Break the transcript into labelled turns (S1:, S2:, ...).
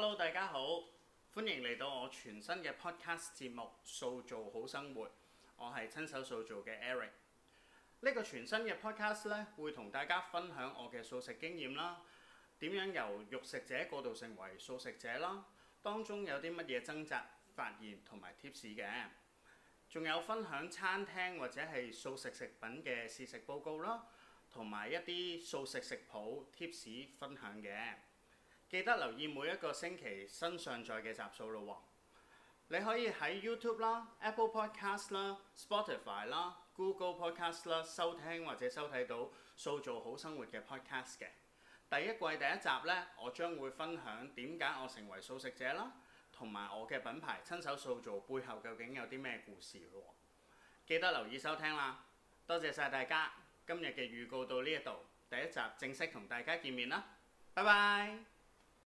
S1: Hello，大家好，歡迎嚟到我全新嘅 podcast 節目《塑造好生活》。我係親手塑造嘅 Eric。呢、這個全新嘅 podcast 咧，會同大家分享我嘅素食經驗啦，點樣由肉食者過渡成為素食者啦，當中有啲乜嘢掙扎、發現同埋 tips 嘅，仲有分享餐廳或者係素食食品嘅試食報告啦，同埋一啲素食食譜 tips 分享嘅。記得留意每一個星期新上載嘅集數咯。你可以喺 YouTube 啦、Apple Podcast 啦、Spotify 啦、Google Podcast 啦收聽或者收睇到《素造好生活》嘅 Podcast 嘅第一季第一集呢，我將會分享點解我成為素食者啦，同埋我嘅品牌親手素造背後究竟有啲咩故事咯。記得留意收聽啦。多謝晒大家，今日嘅預告到呢一度，第一集正式同大家見面啦。拜拜。